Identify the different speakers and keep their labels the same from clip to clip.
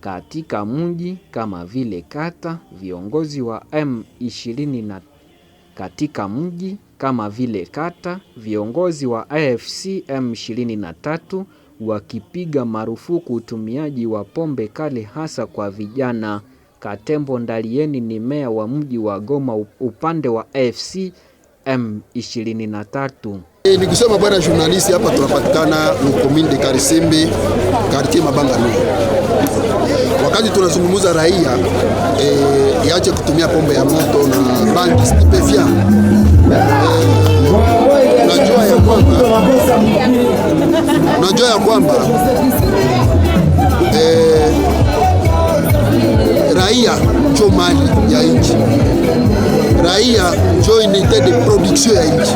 Speaker 1: katika mji kama vile kata, viongozi wa M23 katika mji kama vile kata, viongozi wa AFC M23 wakipiga marufuku utumiaji wa pombe kali hasa kwa vijana. Katembo Ndalieni ni meya wa mji wa Goma upande wa AFC M23.
Speaker 2: E, ni kusema bwana journalist, hapa tunapatikana mu commune de Karisimbi quartier wakati tunazungumza raia e, iache kutumia pombe ya moto na bangi stupefia e, ya kwamba unajua ya kwamba e, raia cho mali ya nchi, raia cho unite de production ya nchi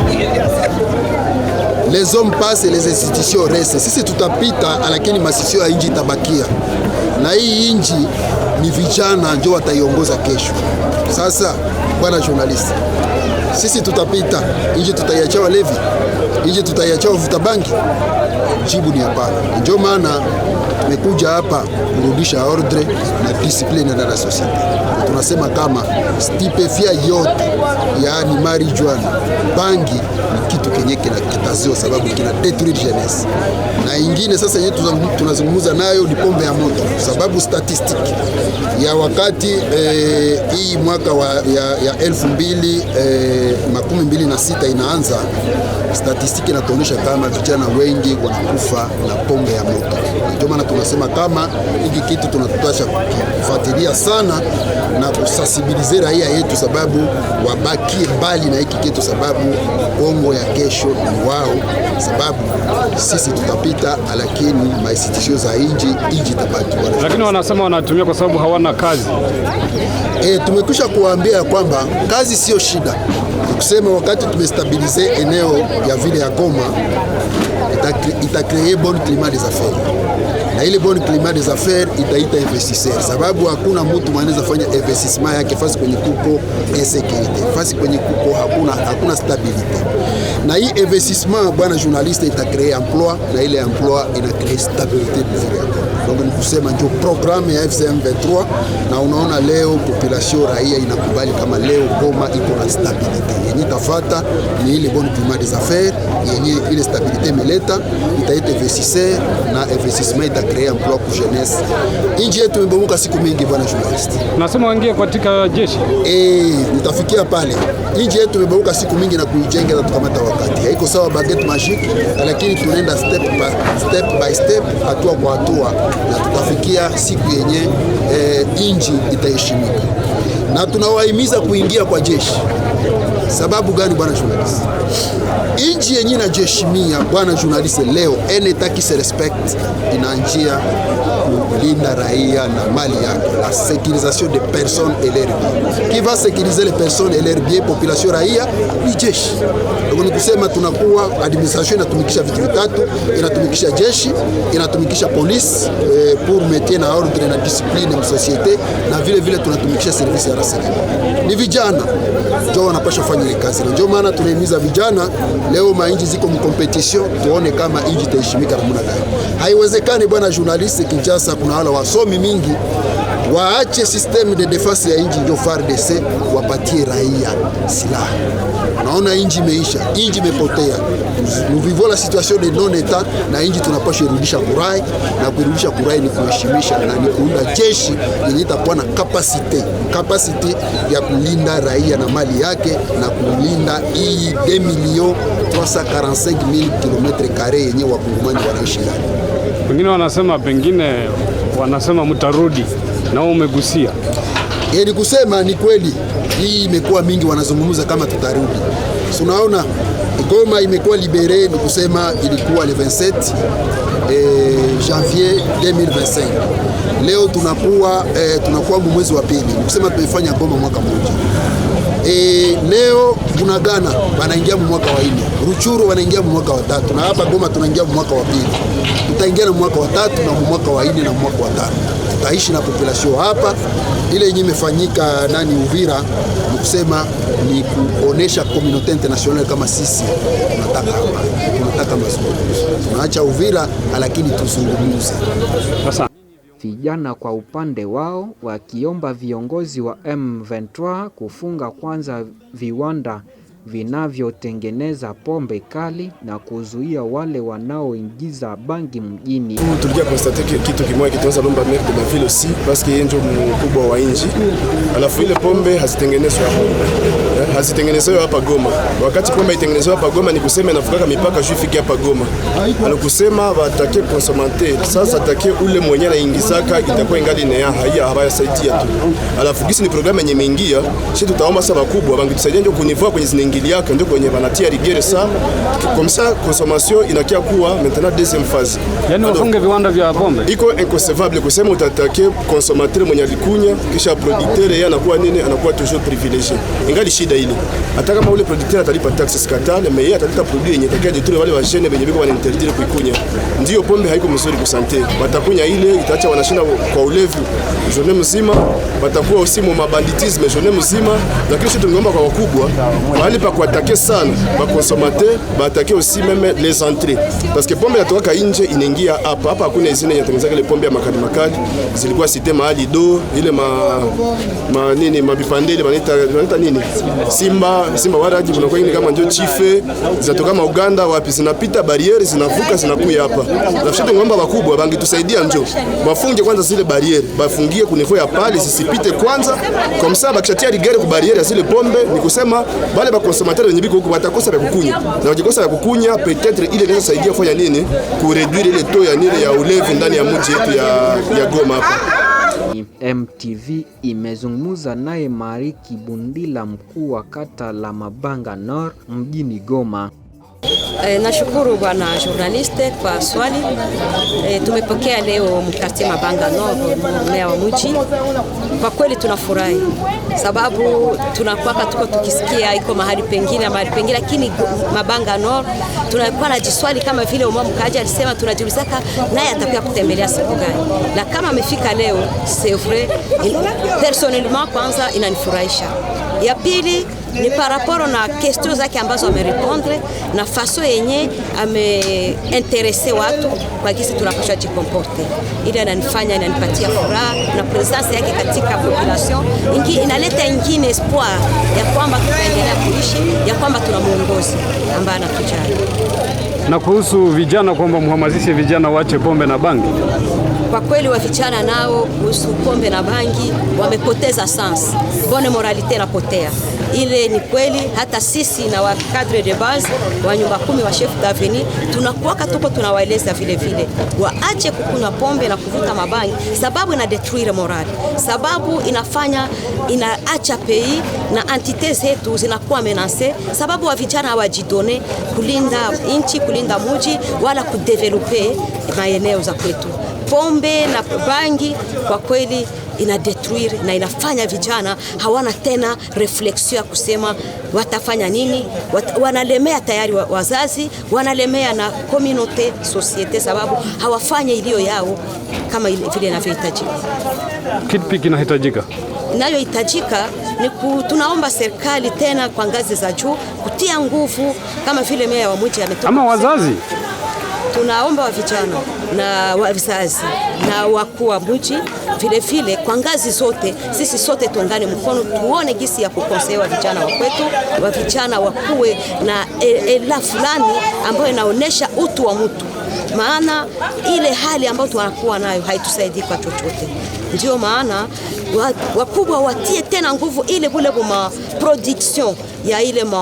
Speaker 2: les hommes passent, les institutions restent. Sisi tutapita, lakini masisio ya nchi itabakia, na hii inji ni vijana ndio wataiongoza kesho. Sasa bwana journalist, sisi tutapita, inji tutaiacha walevi, nchi tutaiacha wavuta bangi? Jibu ni hapana. Ndio maana mekuja hapa kurudisha ordre na discipline ndani ya society. Tunasema kama stipefia yote, yaani marijuana, bangi ni kitu kina kinakataziwa, sababu kina detrui jeunesse. Na ingine sasa yetu tunazungumza nayo ni pombe ya moto, sababu statistiki ya wakati eh, hii mwaka wa, ya, ya elfu mbili eh, makumi mbili na sita inaanza, statistiki inatuonyesha kama vijana wengi wanakufa na pombe ya moto. Ndio maana tunasema kama hiki kitu tunatutasha kufuatilia sana na kusasibilize raia yetu, sababu wabakie mbali na hiki kitu, sababu Kongo ya kesho kesho ni wao, sababu sisi tutapita, lakini maisitisho za inji inji itabaki.
Speaker 3: Lakini wanasema wanatumia kwa sababu hawana kazi.
Speaker 2: E, tumekwisha kuwaambia kwamba kazi sio shida, kusema wakati tumestabilize eneo ya vile ya Goma itakree bon climat des affaires na ile bonne climat des affaires itaita investisseur, sababu hakuna mtu anaweza fanya investissement yake fasi kwenye kuko insecurity, fasi kwenye kuko hakuna, hakuna stabilite. Na hii investissement bwana journaliste ita emploi na ile emploi ina créer stabilite mzuri. Donc ni kusema ndio programu ya FCM 23 na unaona leo population raia inakubali kama leo Goma iko na stabilite yenye itafata ni ile bonne climat des affaires yenye ile stabilite imeleta itaita investisseur na investissement ita créer emploi pour jeunesse. Inji yetu imebomoka siku mingi, bwana journalist.
Speaker 3: Nasema wangie katika jeshi.
Speaker 2: Eh, nitafikia pale. Inji yetu imebomoka siku mingi na kuijenga na tukamata wakati. Haiko sawa baguette magique, lakini tunaenda step by step, hatua kwa hatua na tutafikia siku yenye e, eh, inji itaheshimika, na tunawahimiza kuingia kwa jeshi. Sababu gani bwana journalist? Inji yenye inajiheshimia bwana journalist leo eneta qui inanjia kulinda raia na mali yake, la sécurisation de personnes et leurs biens. Qui va sécuriser les personnes et leurs biens, population raia ni jeshi. Ndio kusema tunakuwa administration inatumikisha vitu vitatu, inatumikisha jeshi, inatumikisha police eh, pour mettre na ordre na discipline msosiete, na vile vile tunatumikisha service ya rasmi. Ni vijana ndio wanapasha wafanye kazi. Ndio maana tunahimiza vijana leo, mainji ziko mkompetition, tuone kama inji itaheshimika namna gani. Haiwezekani bwana journalist, Kinshasa kuna wala wasomi mingi waache systeme de defense ya nchi ndio FARDC wapatie raia silaha. Naona inji imeisha, inji imepotea. Nous vivons la situation de non etat, na inji tunapaswa irudisha kurai, na kuirudisha kurai ni kuheshimisha na ni kuunda jeshi yenye itakuwa na kapasite, kapasite ya kulinda raia na mali yake na kulinda hii 2 milioni 345,000 km2 yenye wakungumani wanaishi ndani.
Speaker 3: Wengine wanasema pengine wanasema mtarudi nao umegusia.
Speaker 2: Ni yaani kusema ni kweli, hii imekuwa mingi wanazungumza kama tutarudi. Tunaona Goma imekuwa libere, ni kusema ilikuwa le 27 eh, janvier 2025. Leo tunakuwa eh, tunakuwa mwezi wa pili, ni kusema tumefanya Goma mwaka mmoja. E, leo Bunagana wanaingia mwaka wa nne, Ruchuru wanaingia mwaka wa tatu, na hapa Goma tunaingia mwaka wa pili, tutaingia na mwaka wa tatu na mwaka wa nne na mwaka wa tano tutaishi na populasio hapa. Ile yenye imefanyika nani Uvira ni kusema ni kuonesha community international kama sisi tunataka hapa, tunataka mazungumzo, tunaacha Uvira lakini tuzungumze.
Speaker 1: Vijana kwa upande wao wakiomba viongozi wa M23 kufunga kwanza viwanda vinavyotengeneza pombe kali na kuzuia wale wanaoingiza bangi mjini.
Speaker 2: Tulikia konstate kitu kimoja kitoza lomba mec de la ville aussi parce que yeye ndio mkubwa wa inji, alafu ile pombe hazitengenezwi hapa, eh, hazitengenezwi hapa Goma. Wakati pombe itengenezwa hapa Goma, ni kusema inafukaka mipaka juu hapa Goma, alikusema watake konsomante. sasa, atake ule mwenye anaingizaka, itakuwa ingali na haya habaya saidia tu, alafu gisi ni programu yenye imeingia, sisi tutaomba sababu kubwa bangi tusaidie ndio kunivua kwenye zinaingia baingiliaka ndio kwenye banatia rigere sana ça consommation inakia kuwa maintenant deuxième phase,
Speaker 3: yani wafunge viwanda vya pombe.
Speaker 2: Iko inconcevable kusema utatake consommateur mwenye alikunya kisha producteur yeye anakuwa nini, anakuwa toujours privilégié. Ingali shida ile, hata kama ule producteur atalipa taxes katale, mais yeye atalipa produit yenye takia jitule wale washene wenye biko waninterdire kuikunya. Ndio pombe haiko mzuri kwa sante, watakunya ile itaacha wanashinda kwa ulevi jone mzima, watakuwa usimu mabanditisme jone mzima, lakini sisi tungeomba kwa wakubwa mahali pa kuatake sana bakonsomate attaquer aussi même les entrées parce que pombe yatokaka inje inaingia hapa hapa. Hakuna izini yenye tengenezaka ile pombe ya makali makali, zilikuwa site mahali do ile ma, ma nini mabipandele wanaita wanaita nini simba simba waraji unakuwa ni kama ndio chife zinatoka ma Uganda wapi, zinapita barriere zinavuka zinakuya hapa. Nafikiri ngomba wakubwa bangitusaidia njo wafunge kwanza zile barriere, bafungie kunifo ya pale sisipite kwanza, kwa msaba kishatia rigere ku barriere zile pombe ni kusema bale bako consommateur wenye biko huko watakosa vya kukunya, na wakikosa vya kukunya, peut-etre ile inaweza saidia kufanya nini, kureduire ile taux ya nile ya ulevi ndani ya mji yetu ya, ya Goma hapa.
Speaker 1: MTV imezungumza naye Mari Kibundila, mkuu wa kata la Mabanga Nord mjini Goma.
Speaker 4: E, nashukuru bwana journaliste kwa swali e, tumepokea leo mkati Mabanga Novo, mmea wa mji. Kwa kweli tunafurahi sababu tunakwaka tuko tukisikia iko mahali pengine mahali pengine, lakini Mabanga Novo tunakuwa na jiswali kama vile umwa mkaji alisema, tunajiulizaka naye atakuwa kutembelea siku gani, na kama amefika leo c'est vrai, personnellement kwanza inanifurahisha, ya pili ni paraporo na kestio zake ambazo amerepondre na faso yenye ameinterese watu kwa kisi tunapasha jikomporte, ili ananifanya inanipatia furaha na presence yake katika population ingi, inaleta ingine espoir ya kwamba tutaendelea kuishi, ya kwamba tuna muongozi ambaye anatujali.
Speaker 3: Na kuhusu vijana kwamba mhamasishe vijana waache pombe na bangi
Speaker 4: kwa kweli wa vijana nao kuhusu pombe na bangi wamepoteza sans bone moralite potea ile ni kweli. Hata sisi na wa cadre de base wa nyumba kumi wa chef daveni tunakuwaka tuko tunawaeleza vile vile waache kukunywa pombe na kuvuta mabangi, sababu ina detruire moral, sababu inafanya inaacha pei na entite zetu zinakuwa menase, sababu wa vijana hawajidone kulinda nchi, kulinda muji wala kudevelope maeneo za kwetu. Pombe na bangi kwa kweli inadetruire na inafanya vijana hawana tena refleksio ya kusema watafanya nini wat, wanalemea tayari wazazi, wanalemea na komunote sosiete, sababu hawafanye iliyo yao kama vile inavyohitajika.
Speaker 3: Kipi kinahitajika?
Speaker 4: Inayohitajika ni ku, tunaomba serikali tena kwa ngazi za juu kutia nguvu kama vile meya wa mji ametoka
Speaker 3: ama wazazi
Speaker 4: tunaomba wa vijana na wazazi na wakuu wa mji vilevile, kwa ngazi zote, sisi sote tuungane mkono, tuone gisi ya kukosewa vijana wa kwetu wa vijana wakuwe na ela fulani ambayo inaonesha utu wa mtu, maana ile hali ambayo tunakuwa nayo haitusaidii kwa chochote. ndio maana wakubwa watie tena nguvu ile bule buma production ya ile ma,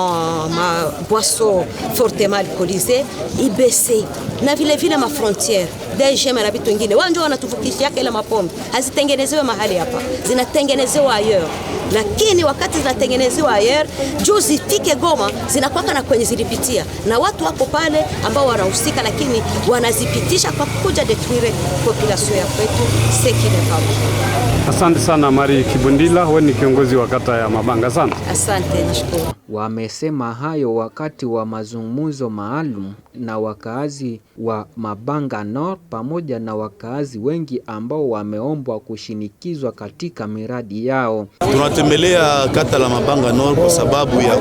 Speaker 4: ma boisson fortement alcoolisé ibese na vile vile ma frontiere DGM na vitu vingine, wao ndio wanatuvukisha yake. Ile mapombe hazitengenezewe mahali hapa, zinatengenezewa ayer, lakini wakati zinatengenezewa ayer juu zifike Goma zinakwaka na kwenye zilipitia, na watu wako pale ambao wanahusika, lakini wanazipitisha kwa kuja detruire population ya kwetu sekine kabisa.
Speaker 3: Asante sana Mari Kibundila, wewe ni kiongozi wa kata ya Mabanga sana.
Speaker 4: Asante, nashukuru.
Speaker 1: Wamesema hayo wakati wa mazungumzo maalum na wakaazi wa Mabanga North pamoja na wakaazi wengi ambao wameombwa kushinikizwa katika miradi yao.
Speaker 2: Tunatembelea kata la Mabanga North kwa sababu ya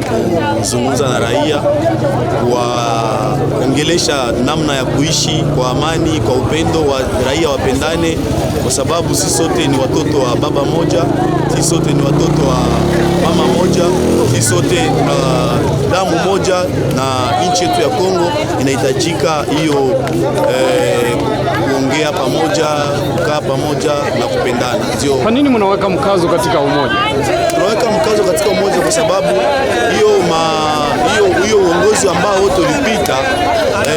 Speaker 2: kuzungumza na raia, kuwaongelesha namna ya kuishi kwa amani, kwa upendo, wa raia wapendane, kwa sababu sisi sote ni watoto wa baba moja, sisi sote ni watoto wa mama moja, sisi sote uh, damu moja na nchi yetu ya Kongo inahitajika hiyo eh, kuongea pamoja, kukaa pamoja na kupendana.
Speaker 3: Ndio kwa nini mnaweka mkazo katika umoja?
Speaker 2: tunaweka vikwazo katika umoja, kwa sababu hiyo uongozi ambao wote ulipita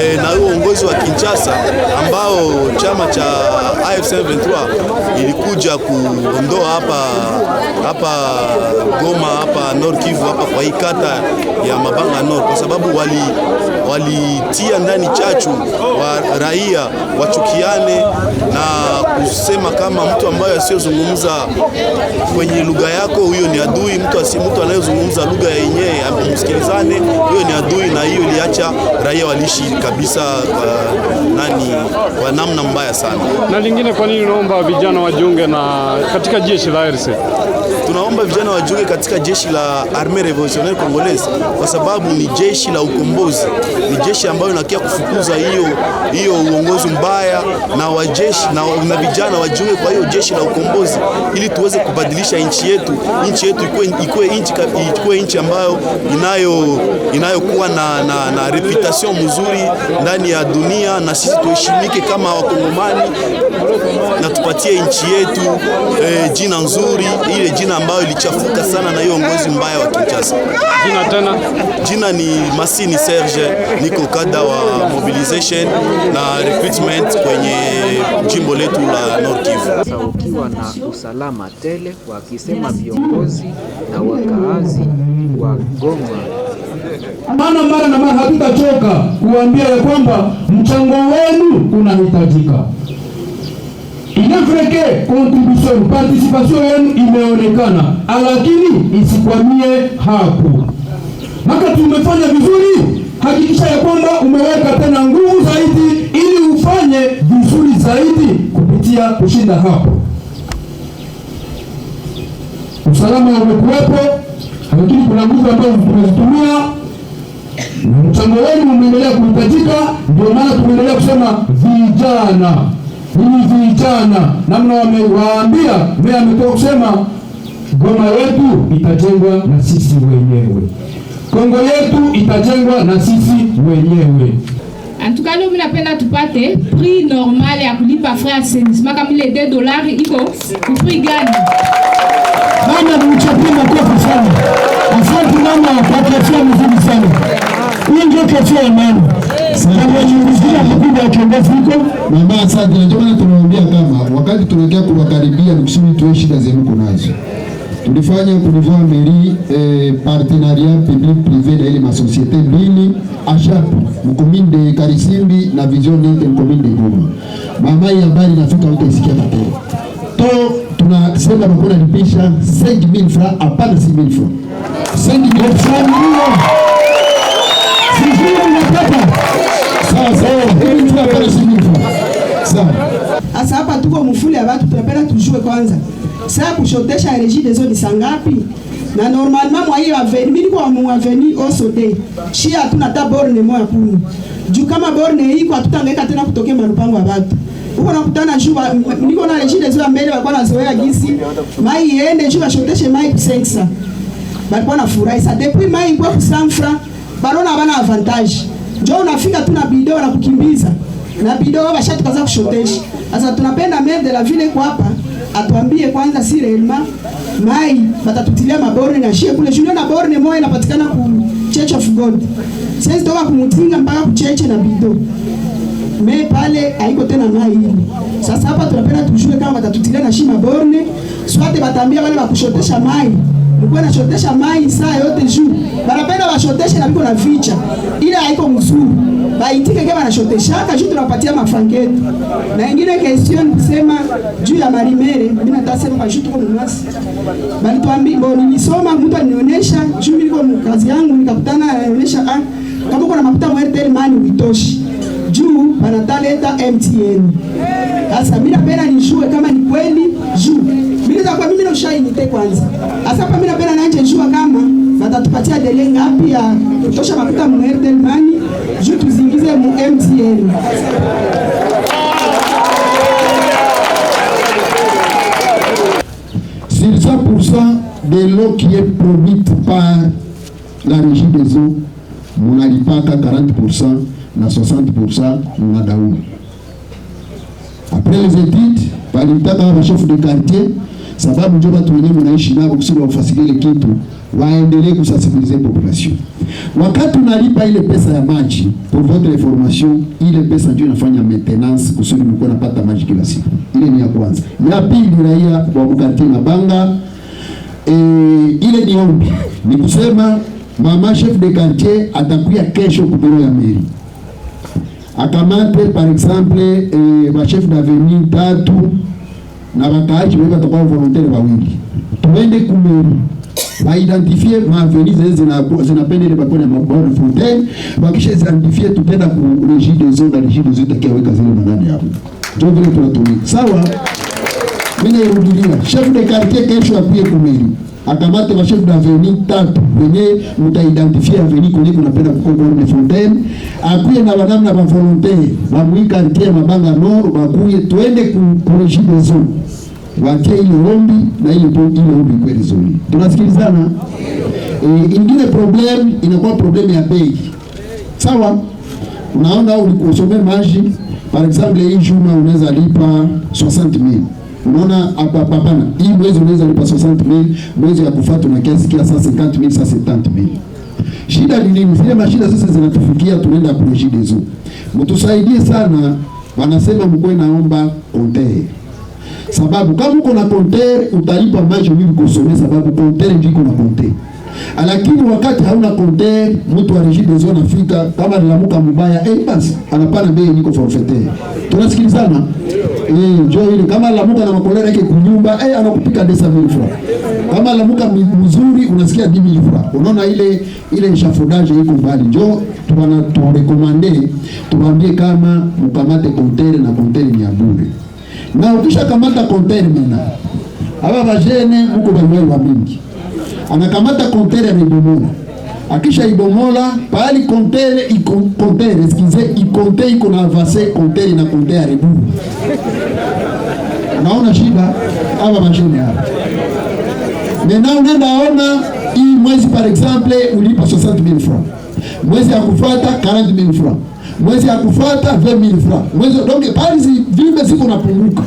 Speaker 2: e, eh, na huo uongozi wa Kinshasa ambao chama cha AFC/M23 ilikuja kuondoa hapa hapa Goma hapa Nord Kivu hapa kwa hii kata ya Mabanga Nord, kwa sababu walitia ndani chachu wa raia wachukiane na kusema kama mtu ambaye asiyozungumza kwenye lugha yako huyo ni adui mtu mtu anayezungumza lugha ya yenyewe amsikilizane, hiyo ni adui, na hiyo iliacha raia waliishi kabisa kwa nani, kwa namna mbaya sana.
Speaker 3: Na lingine, kwa nini naomba vijana wajiunge na katika jeshi la RC?
Speaker 2: tunaomba vijana wajiunge katika jeshi la Armee Revolutionnaire Congolaise kwa sababu ni jeshi la ukombozi, ni jeshi ambayo inakia kufukuza hiyo hiyo uongozi mbaya na wajeshi na, na vijana wajiunge kwa hiyo jeshi la ukombozi ili tuweze kubadilisha nchi yetu, nchi yetu ikuwe nchi ikuwe nchi ambayo inayo inayokuwa na, na, na reputation mzuri ndani ya dunia na sisi tuheshimike kama wakongomani na tupatie nchi yetu e, jina nzuri, ile jina ambayo ilichafuka sana na hiyo ngozi mbaya wa Kinshasa. Jina tena, jina ni Masini Serge, niko kada wa mobilization na recruitment kwenye jimbo letu la Nord
Speaker 1: Kivu, ukiwa na usalama tele, wakisema viongozi na wakaazi wa Goma
Speaker 2: ana mara na mara hatutachoka kuambia ya kwamba mchango wenu unahitajika. Inafreke contribution participation yenu imeonekana, lakini isikwamie hapo. Maka tumefanya vizuri, hakikisha ya kwamba umeweka tena nguvu zaidi, ili ufanye vizuri zaidi kupitia kushinda hapo. Usalama umekuwepo, lakini kuna nguvu ambazo tumezitumia na mchango wenu umeendelea kuhitajika. Ndio maana tumeendelea kusema vijana ninyi vijana, namna wamewaambia mea, ametoka kusema Goma yetu itajengwa na sisi wenyewe, Kongo yetu itajengwa na sisi wenyewe.
Speaker 5: Antuka leo mimi napenda tupate prix normal ya kulipa frais assainissement kama ile 2 dollars iko prix gani?
Speaker 2: Mama mchapie makofi sana. Asante mama kwa kazi nzuri sana. Hii ndio kazi ya mama. Tunajikusudia mkubwa wa kiongozi huko na mbaya ndio maana tunawaambia kama wakati tunaelekea kuwakaribia, ni kusudi tuwe shida zenu kunazo. Tulifanya kunivaa meri eh, partenariat public privé na ile masosiete mbili ashap mkomine de Karisimbi na vision nte mkomine de Goma. Mama ya habari nafika huko isikia matendo. To tunasema mkono alipisha 5000 francs apana 6000 francs. 5000 francs.
Speaker 5: hapa tuko mufule ya watu, tunapenda tujue kwanza saa kushotesha regideso ni sangapi na normalement mwa hiyo aveni mimi niko mu aveni osode shi hatuna hata borne moja kumi juu kama borne iko hatutangaika tena kutokea marupango ya watu huko nakutana juu niko na rejide zile mbele walikuwa nazoea gisi mai iende juu bashoteshe mai kusenksa balikuwa na furahi sa depuis mai ngwa kusanfra balona bana avantage njoo unafika tu na bideo na kukimbiza na bideo bashatukaza kushotesha sasa tunapenda de la vile kwa hapa atuambie kwanza, si relma mai batatutilia maborne na shie kule shule na borne moja inapatikana ku Church of God. Sasa toka kumutinga mpaka kucheche na bido me pale haiko tena mai hili. Sasa hapa tunapenda tujue kama batatutilia na shima borne swate, bataambia wale wakushotesha mai mlikuwa nashotesha mai saa yote juu, wanapenda washoteshe na viko na vicha, ila haiko mzuri baitike kama anashoteshaka juu tunapatia mafranki yetu, na ingine question kusema juu ya marimere. Mimi natasema kwa juu tuko mnasi bali tuambi bo, nilisoma mtu anionyesha juu, niko kazi yangu nikakutana anionyesha ah, kama kuna mafuta mwa RTL mani uitoshi juu wanataleta MTN. Sasa mimi napenda nishue kama ni kweli juu. Mimi kwa mimi na ushaini te kwanza. Sasa hapa mimi napenda naanze nishua kama watatupatia delay ngapi ya kutosha makuta mu Airtel Money juu tuzingize mu MTN.
Speaker 2: de l'eau qui est produite par la régie des eaux, on a dit pas 40% na 60% Après les études, chef de quartier, sababu njo wenyewe naishi kusudi kitu, waendelee la population. Wakati ile pesa ya maji, pour votre information, ile pesa ndio inafanya maintenance kusudi maji kila siku. Ile ni ya kwanza. Ya pili, raia wa na banga ile ni kusema mama chef de quartier atakuya kesho akamate par exemple eh, bachef d'avenir tatu na bakaaji bebe batakuwa volontaire bawili, tuende kumeri baidentifie maaveni zee zinapendele bakona mabwana fontaine bakisha zidentifie, tutenda ku regie des eaux na regie des eaux takiaweka zile manani yao ndio vile tunatumika sawa. Mimi nairudilia chef de quartier kesho apie kumeri akamate bashef daveni tatu wenye mutaidentifie aveni kwenye kunapenda kukomborne Fontaine, akuye na badamu na bavolontaire bamwikartie mabanga nord, bakuye twende kureji dezo watie ile ombi na ile ombi kweli zoni. Tunasikilizana? E, ingine problem inakuwa problem ya bei. Sawa, unaona ulikosome maji par exemple hii juma unaweza lipa 60000 unaona hapa hapana, hii mwezi unaweza lipa 60000 mwezi ya kufuata na kiasi kila sasa 50000 Shida ni nini? Zile mashida sasa zinatufikia, tunaenda kujidizu. Mtusaidie sana, wanasema mkwe, naomba kontere sababu kama uko na kontere utalipa maji mimi kusomea, sababu kontere ndiko na kontere lakini wakati hauna container, mtu arigidezo anafika kama nilamuka mubaya eh, basi anapana bei niko forfete. Tunasikilizana eh, njoo ile kama nilamuka na makolera yake kunyumba eh, anakupika desa milifu. Kama nilamuka mzuri unasikia dimi milifu. Unaona ile ile nshafodaje iko mbali, njoo tuna turekomande tuambie kama mkamate container na container ni abure, na ukisha kamata container mena aba bajene mko banywa mingi anakamata kontere anaibomola, akisha ibomola pahali kontere iko kontere sikize ikonte iko na avase kontere ina kontere aribu. Naona shida hapa mashine hapa. Mena unaenda ona hii mwezi par exemple ulipa 60000 francs. Mwezi ya kufuata 40000 francs mwezi ya kufuata 20000 francs mwezi donc pale vime ziko napunguka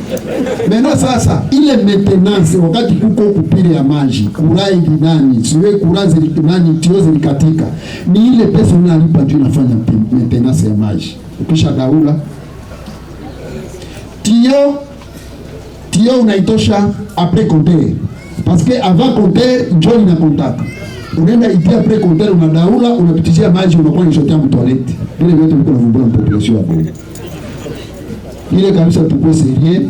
Speaker 2: meno. Sasa ile maintenance wakati kuko kupile ya maji kurai nani siwe kurazi nani tiozi likatika, ni ile pesa unalipa tu inafanya maintenance ya maji. Ukisha gaula tio tio unaitosha apre compter parce que avant compter na inakontaka unaenda itia pre container unadaula, unapitishia maji, unakuwa ni shotia mtoaleti. Vile vyote mko na vumbua population ya Kongo ile kabisa, tukue serie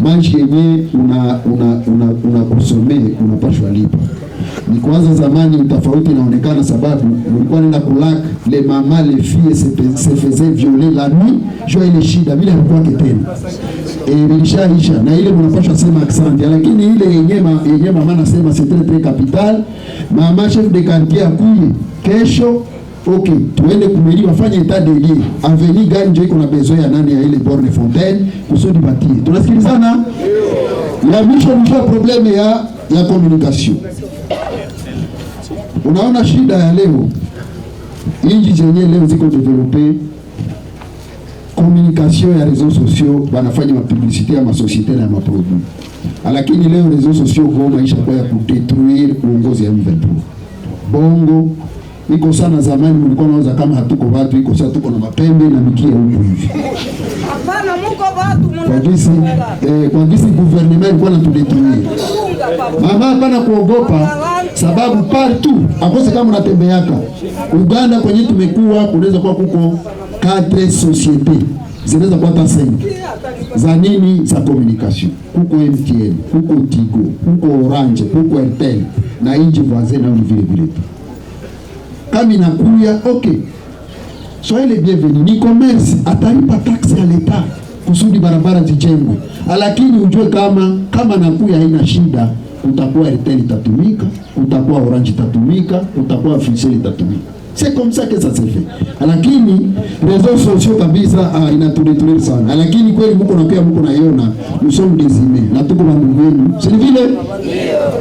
Speaker 2: maji yenye una una unakusomee una unapashwa lipa Ni kwanza zamani tofauti inaonekana, sababu ulikuwa nenda kulak le se faisait violer la nuit, jo ile shida bila hakuwake tena bilishaisha na ile sema asante, lakini ile yenyema mama nasema c'est très très capital. Mama chef de quartier akuye kesho Ok, tuende kumeli wafanye de aveni besoin ya nani ya ile borne fontaine kusudi batie. Tunasikilizana du problème ya ya communication Unaona shida ya leo, inji zenyewe leo ziko develope communication ya reseaux sociaux, wanafanya mapublicité ya masosiete na maprodui lakini leo reseaux sociaux kwa maisha kwa ya kudetruire uongozi ya M23 bongo iko sana. Zamani mlikuwa naweza kama hatuko watu, iko sasa tuko na mapembe na mikia huko hivi.
Speaker 5: Hapana, mko watu
Speaker 2: mnatukula. Eh, kwa gisi gouvernement ilikuwa natudetruire. Mama hapana kuogopa sababu partu akose kama unatembeaka Uganda kwenye tumekuwa kunaweza kuwa kuko quatre societe zinaweza kuwa hata za nini za communication, kuko MTN, kuko Tigo, kuko Orange, kuko Airtel na inji voisin nao ni vile vile tu. Kama inakuya okay, soyez les bienvenus, ni commerce atalipa tax ya leta kusudi barabara zijengwe, lakini ujue kama kama nakuya haina shida utakuwa Airtel itatumika, utakuwa Orange itatumika, utakuwa Free itatumika. C'est comme ça que ça se fait. Lakini réseaux sociaux kabisa ah, inatuletea sana. Lakini kweli mko na pia mko naiona msomo dizime na tuko na mwenu. C'est vile?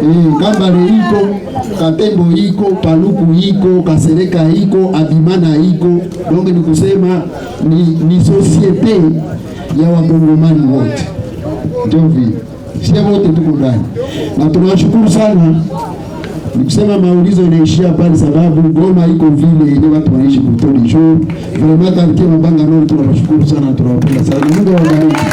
Speaker 2: Eh, Kambale iko, Katembo iko, Paluku iko, Kasereka iko, adimana iko. Donc ni kusema ni, ni société ya wakongomani wote. Ndio vile sisi wote tuko ndani na tunawashukuru sana. Nikusema maulizo inaishia pale, sababu Goma iko vile ile watu wanaishi kutoni juu. Vraiment, kama Mabanga ndio tunawashukuru sana, tunawapenda sana. Mungu awabariki.